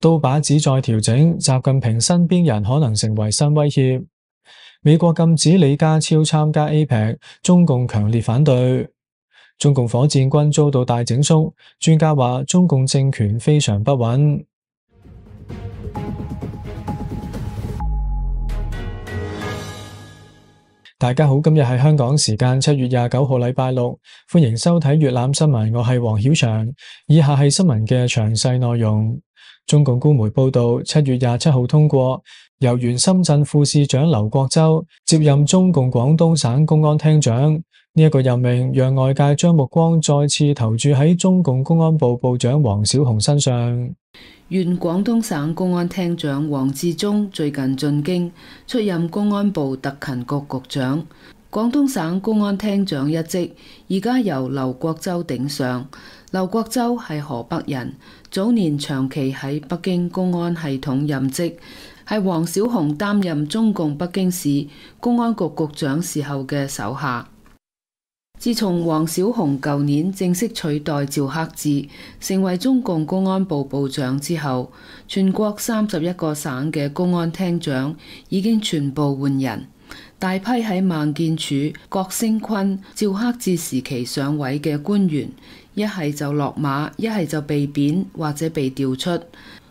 刀把子再調整，習近平身邊人可能成為新威脅。美國禁止李家超參加 APEC，中共強烈反對。中共火箭軍遭到大整肅，專家話中共政權非常不穩。大家好，今日係香港時間七月廿九號禮拜六，歡迎收睇粵覽新聞，我係黃曉翔。以下係新聞嘅詳細內容。中共官媒報道，七月廿七號通過，由原深圳副市長劉國洲接任中共廣東省公安廳長。呢、這、一個任命讓外界將目光再次投注喺中共公安部部長王小洪身上。原廣東省公安廳長王志忠最近進京，出任公安部特勤局局長。廣東省公安廳長一職，而家由劉國洲頂上。劉國洲係河北人，早年長期喺北京公安系統任職，係王小洪擔任中共北京市公安局局長時候嘅手下。自從王小洪舊年正式取代趙克志，成為中共公安部部長之後，全國三十一個省嘅公安廳長已經全部換人，大批喺孟建柱、郭聲琨、趙克志時期上位嘅官員。一係就落馬，一係就被貶或者被調出，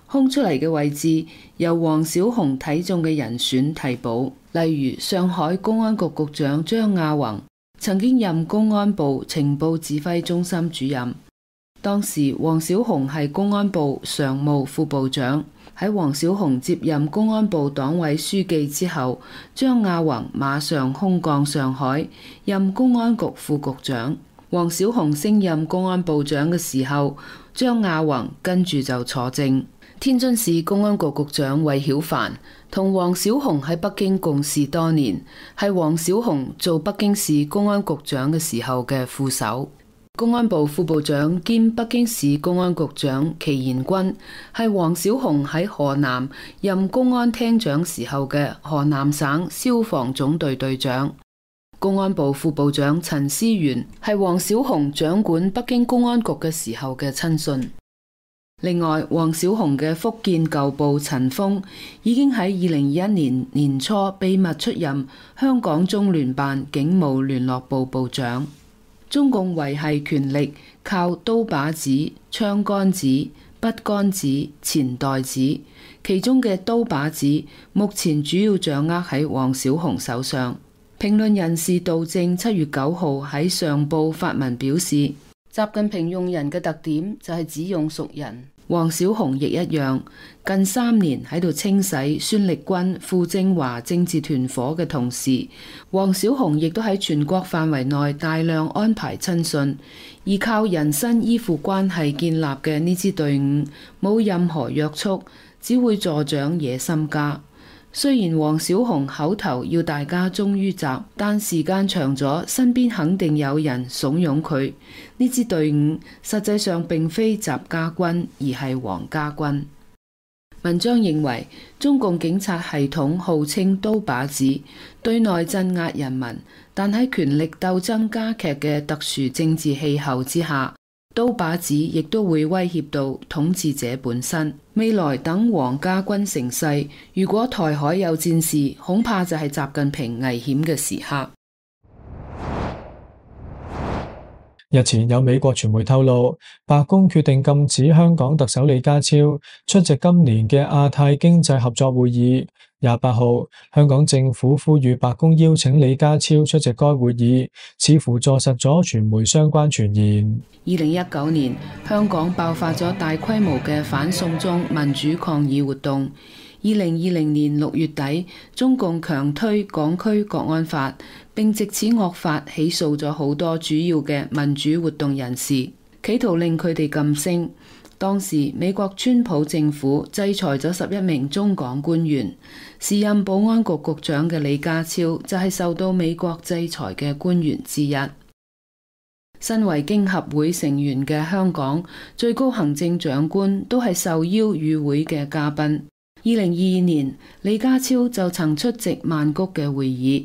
空出嚟嘅位置由王小洪睇中嘅人選替補，例如上海公安局局長張亞宏，曾經任公安部情報指揮中心主任。當時王小洪係公安部常務副部長，喺王小洪接任公安部黨委書記之後，張亞宏馬上空降上海任公安局副局長。王小洪升任公安部長嘅時候，張亞宏跟住就坐正。天津市公安局局長魏曉凡同王小洪喺北京共事多年，係王小洪做北京市公安局長嘅時候嘅副手。公安部副部長兼北京市公安局長祁延軍，係王小洪喺河南任公安廳長時候嘅河南省消防總隊隊長。公安部副部長陳思源係王小洪掌管北京公安局嘅時候嘅親信。另外，王小洪嘅福建舊部陳峰已經喺二零二一年年初秘密出任香港中聯辦警務聯絡部部長。中共維繫權力靠刀把子、槍桿子、筆桿子、錢袋子，其中嘅刀把子目前主要掌握喺王小洪手上。評論人士杜正七月九號喺上報發文表示，習近平用人嘅特點就係只用熟人，王小洪亦一樣。近三年喺度清洗孫力軍、傅政華政治團伙嘅同時，王小洪亦都喺全國範圍內大量安排親信，而靠人身依附關係建立嘅呢支隊伍，冇任何約束，只會助長野心家。雖然王小洪口頭要大家忠於習，但時間長咗，身邊肯定有人慫恿佢。呢支隊伍實際上並非習家軍，而係王家軍。文章認為，中共警察系統號稱刀把子，對內鎮壓人民，但喺權力鬥爭加劇嘅特殊政治氣候之下，刀把子亦都會威脅到統治者本身。未來等黃家軍成勢，如果台海有戰事，恐怕就係習近平危險嘅時刻。日前有美國傳媒透露，白宮決定禁止香港特首李家超出席今年嘅亞太經濟合作會議。廿八號，香港政府呼籲白宮邀請李家超出席該會議，似乎坐實咗傳媒相關傳言。二零一九年，香港爆發咗大規模嘅反送中民主抗議活動。二零二零年六月底，中共強推港區國安法，並借此惡法起訴咗好多主要嘅民主活動人士，企圖令佢哋噤聲。當時美國川普政府制裁咗十一名中港官員，時任保安局局長嘅李家超就係受到美國制裁嘅官員之一。身為經合會成員嘅香港最高行政長官，都係受邀與會嘅嘉賓。二零二二年，李家超就曾出席曼谷嘅會議。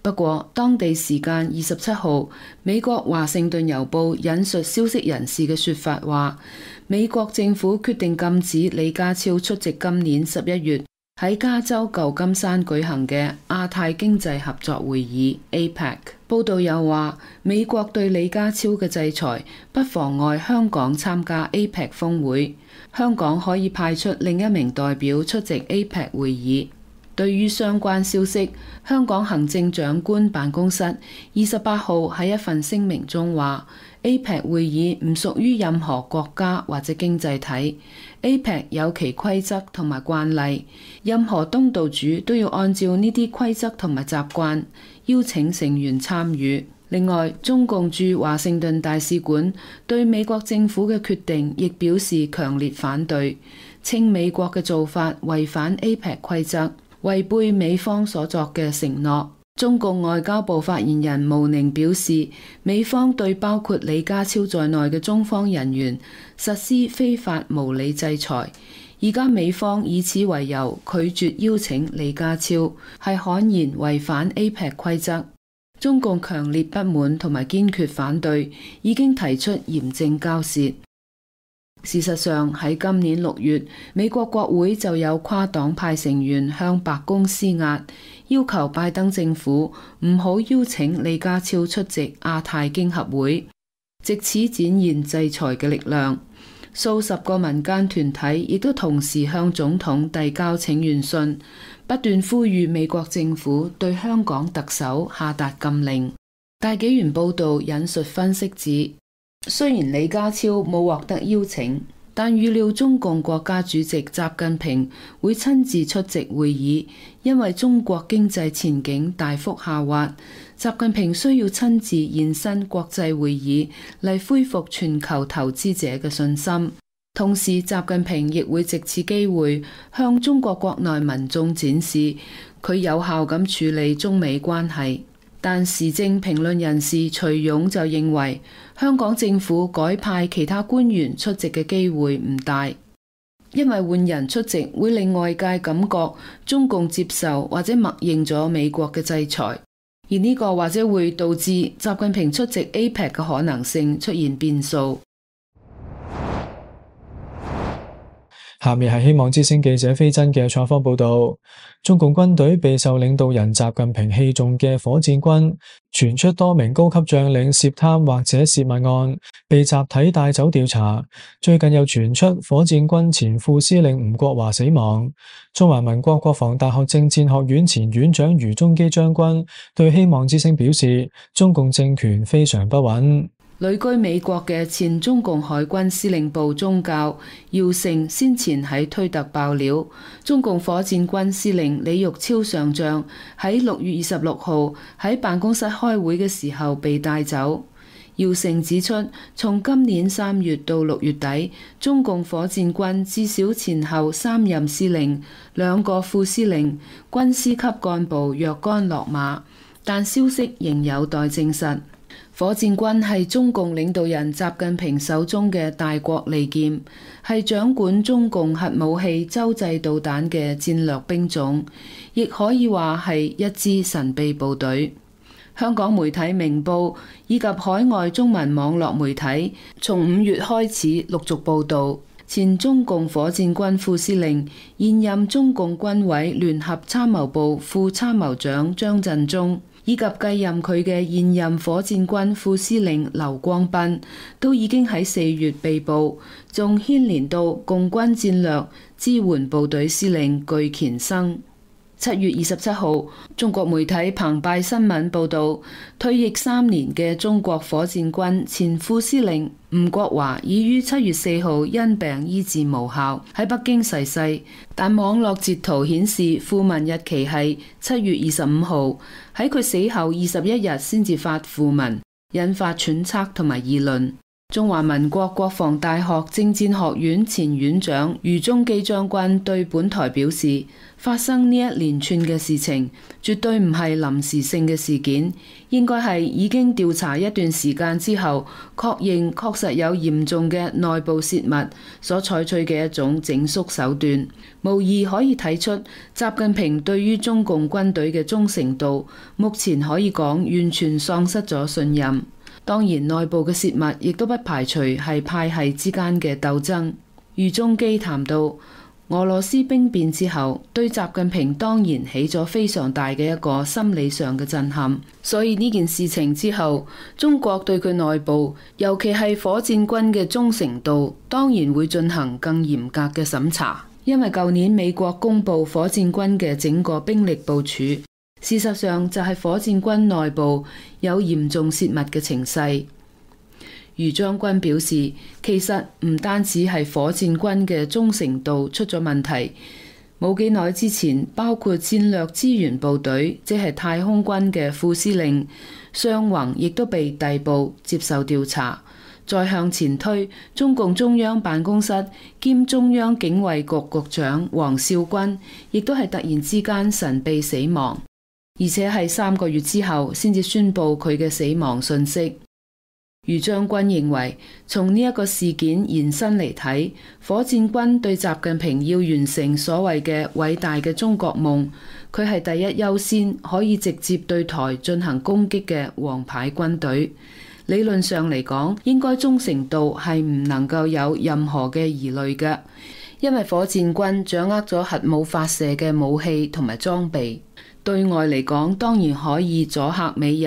不過，當地時間二十七號，美國華盛頓郵報引述消息人士嘅說法，話，美國政府決定禁止李家超出席今年十一月喺加州舊金山舉行嘅亞太經濟合作會議 APEC。報道又話美國對李家超嘅制裁不妨礙香港參加 APEC 峰會。香港可以派出另一名代表出席 APEC 會議。對於相關消息，香港行政長官辦公室二十八號喺一份聲明中話：APEC 會議唔屬於任何國家或者經濟體。APEC 有其規則同埋慣例，任何東道主都要按照呢啲規則同埋習慣，邀請成員參與。另外，中共駐華盛頓大使館對美國政府嘅決定亦表示強烈反對，稱美國嘅做法違反 APEC 規則，違背美方所作嘅承諾。中共外交部發言人毛寧表示，美方對包括李家超在內嘅中方人員實施非法無理制裁，而家美方以此為由拒絕邀請李家超，係悍然違反 APEC 規則。中共強烈不滿同埋堅決反對，已經提出嚴正交涉。事實上，喺今年六月，美國國會就有跨黨派成員向白宮施壓，要求拜登政府唔好邀請李家超出席亞太經合會，藉此展現制裁嘅力量。數十個民間團體亦都同時向總統遞交請願信。不斷呼籲美國政府對香港特首下達禁令。大紀元報道引述分析指，雖然李家超冇獲得邀請，但預料中共國家主席習近平會親自出席會議，因為中國經濟前景大幅下滑，習近平需要親自現身國際會議嚟恢復全球投資者嘅信心。同時，習近平亦會藉此機會向中國國內民眾展示佢有效咁處理中美關係。但時政評論人士徐勇就認為，香港政府改派其他官員出席嘅機會唔大，因為換人出席會令外界感覺中共接受或者默認咗美國嘅制裁，而呢個或者會導致習近平出席 APEC 嘅可能性出現變數。下面係希望之聲記者非真嘅採訪報道。中共軍隊備受領導人習近平器重嘅火箭軍，傳出多名高級將領涉貪或者洩密案，被集體帶走調查。最近又傳出火箭軍前副司令吳國華死亡。中華民國國防大學政戰學院前院長余宗基將軍對希望之聲表示，中共政權非常不穩。旅居美國嘅前中共海軍司令部中校姚成先前喺推特爆料，中共火箭軍司令李玉超上將喺六月二十六號喺辦公室開會嘅時候被帶走。姚成指出，從今年三月到六月底，中共火箭軍至少前後三任司令、兩個副司令、軍師級幹部若干落馬，但消息仍有待證實。火箭軍係中共領導人習近平手中嘅大國利劍，係掌管中共核武器洲際導彈嘅戰略兵種，亦可以話係一支神秘部隊。香港媒體明報以及海外中文網絡媒體，從五月開始陸續報導，前中共火箭軍副司令、現任中共軍委聯合參謀部副參謀長張振中，以及繼任佢嘅現任火箭軍副司令劉光斌，都已經喺四月被捕，仲牽連到共軍戰略支援部隊司令巨乾生。七月二十七號，中國媒體澎湃新聞報導，退役三年嘅中國火箭軍前副司令吳國華已於七月四號因病醫治無效，喺北京逝世。但網絡截圖顯示，訃聞日期係七月二十五號，喺佢死後二十一日先至發訃聞，引發揣測同埋議論。中華民國國防大學政戰學院前院長余宗基將軍對本台表示：發生呢一連串嘅事情，絕對唔係臨時性嘅事件，應該係已經調查一段時間之後，確認確實有嚴重嘅內部洩密，所採取嘅一種整肅手段。無疑可以睇出，習近平對於中共軍隊嘅忠誠度，目前可以講完全喪失咗信任。當然，內部嘅泄密亦都不排除係派系之間嘅鬥爭。余中基談到，俄羅斯兵變之後，對習近平當然起咗非常大嘅一個心理上嘅震撼。所以呢件事情之後，中國對佢內部，尤其係火箭軍嘅忠誠度，當然會進行更嚴格嘅審查。因為舊年美國公布火箭軍嘅整個兵力部署。事實上就係火箭軍內部有嚴重泄密嘅情勢。余將軍表示，其實唔單止係火箭軍嘅忠誠度出咗問題，冇幾耐之前，包括戰略支援部隊即係太空軍嘅副司令雙宏，亦都被逮捕接受調查。再向前推，中共中央辦公室兼中央警衛局局局長王少軍，亦都係突然之間神秘死亡。而且係三個月之後先至宣布佢嘅死亡信息。余將軍認為，從呢一個事件延伸嚟睇，火箭軍對習近平要完成所謂嘅偉大嘅中國夢，佢係第一優先，可以直接對台進行攻擊嘅王牌軍隊。理論上嚟講，應該忠誠度係唔能夠有任何嘅疑慮嘅，因為火箭軍掌握咗核武發射嘅武器同埋裝備。對外嚟講，當然可以阻嚇美日。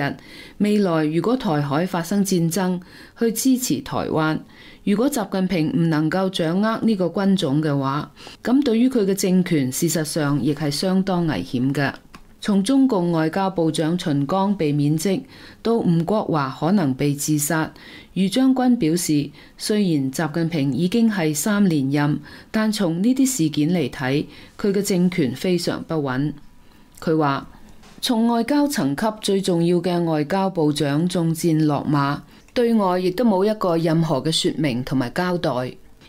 未來如果台海發生戰爭，去支持台灣。如果習近平唔能夠掌握呢個軍種嘅話，咁對於佢嘅政權，事實上亦係相當危險嘅。從中共外交部長秦剛被免職，到吳國華可能被自殺，余將軍表示，雖然習近平已經係三連任，但從呢啲事件嚟睇，佢嘅政權非常不穩。佢話：從外交層級最重要嘅外交部長中箭落馬，對外亦都冇一個任何嘅説明同埋交代。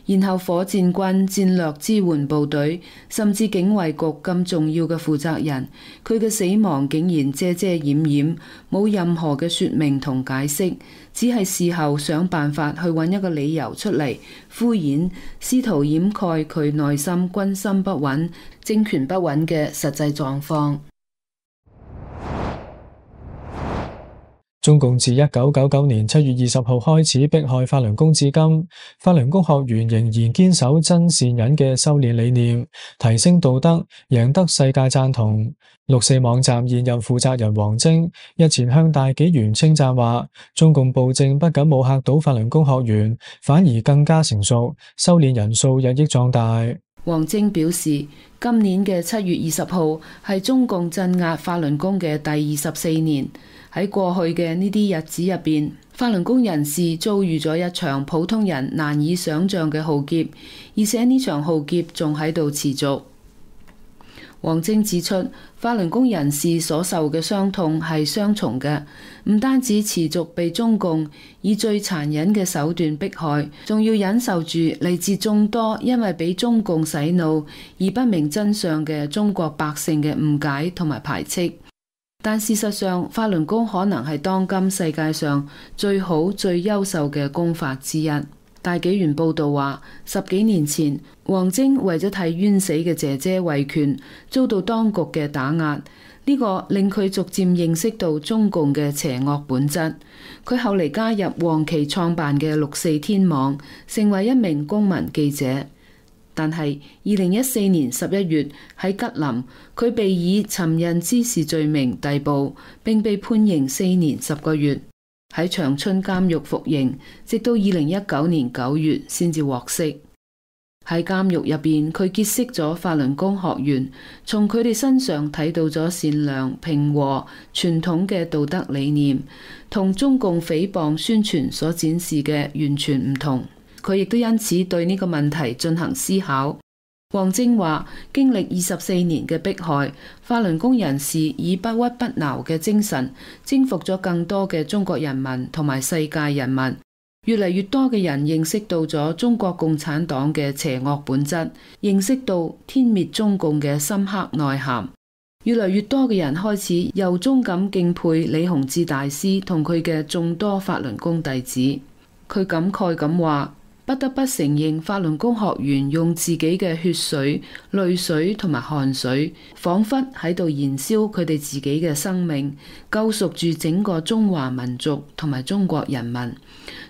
然後火箭軍戰略支援部隊，甚至警衛局咁重要嘅負責人，佢嘅死亡竟然遮遮掩掩，冇任何嘅説明同解釋，只係事後想辦法去揾一個理由出嚟敷衍，試圖掩蓋佢內心軍心不穩、政權不穩嘅實際狀況。中共自一九九九年七月二十號開始迫害法輪功至今，法輪功學員仍然堅守真善忍嘅修煉理念，提升道德，贏得世界讚同。六四網站現任負責人王晶日前向大紀元稱讚話：中共暴政不僅冇吓到法輪功學員，反而更加成熟，修煉人數日益壯大。王晶表示，今年嘅七月二十號係中共鎮壓法輪功嘅第二十四年。喺過去嘅呢啲日子入邊，法輪功人士遭遇咗一場普通人難以想像嘅浩劫，而且呢場浩劫仲喺度持續。王晶指出，法輪功人士所受嘅傷痛係雙重嘅，唔單止持續被中共以最殘忍嘅手段迫害，仲要忍受住嚟自眾多因為畀中共洗腦而不明真相嘅中國百姓嘅誤解同埋排斥。但事實上，法輪功可能係當今世界上最好、最優秀嘅功法之一。大紀元報道話，十幾年前，王晶為咗替冤死嘅姐姐維權，遭到當局嘅打壓，呢、這個令佢逐漸認識到中共嘅邪惡本質。佢後嚟加入黃琦創辦嘅六四天網，成為一名公民記者。但係，二零一四年十一月喺吉林，佢被以尋釁滋事罪名逮捕，並被判刑四年十個月，喺長春監獄服刑，直到二零一九年九月先至獲釋。喺監獄入邊，佢結識咗法輪功學員，從佢哋身上睇到咗善良、平和、傳統嘅道德理念，同中共誹謗宣傳所展示嘅完全唔同。佢亦都因此對呢個問題進行思考。王晶話：經歷二十四年嘅迫害，法輪功人士以不屈不撓嘅精神征服咗更多嘅中國人民同埋世界人民。越嚟越多嘅人認識到咗中國共產黨嘅邪惡本質，認識到天滅中共嘅深刻內涵。越嚟越多嘅人開始由衷咁敬佩李洪志大師同佢嘅眾多法輪功弟子。佢感慨咁話。不得不承認，法輪功學員用自己嘅血水、淚水同埋汗水，仿佛喺度燃燒佢哋自己嘅生命，救贖住整個中華民族同埋中國人民。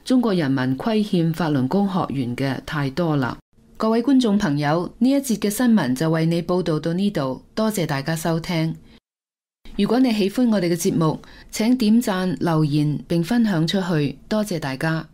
中國人民虧欠法輪功學員嘅太多啦！各位觀眾朋友，呢一節嘅新聞就為你報道到呢度，多謝大家收聽。如果你喜歡我哋嘅節目，請點讚、留言並分享出去，多謝大家。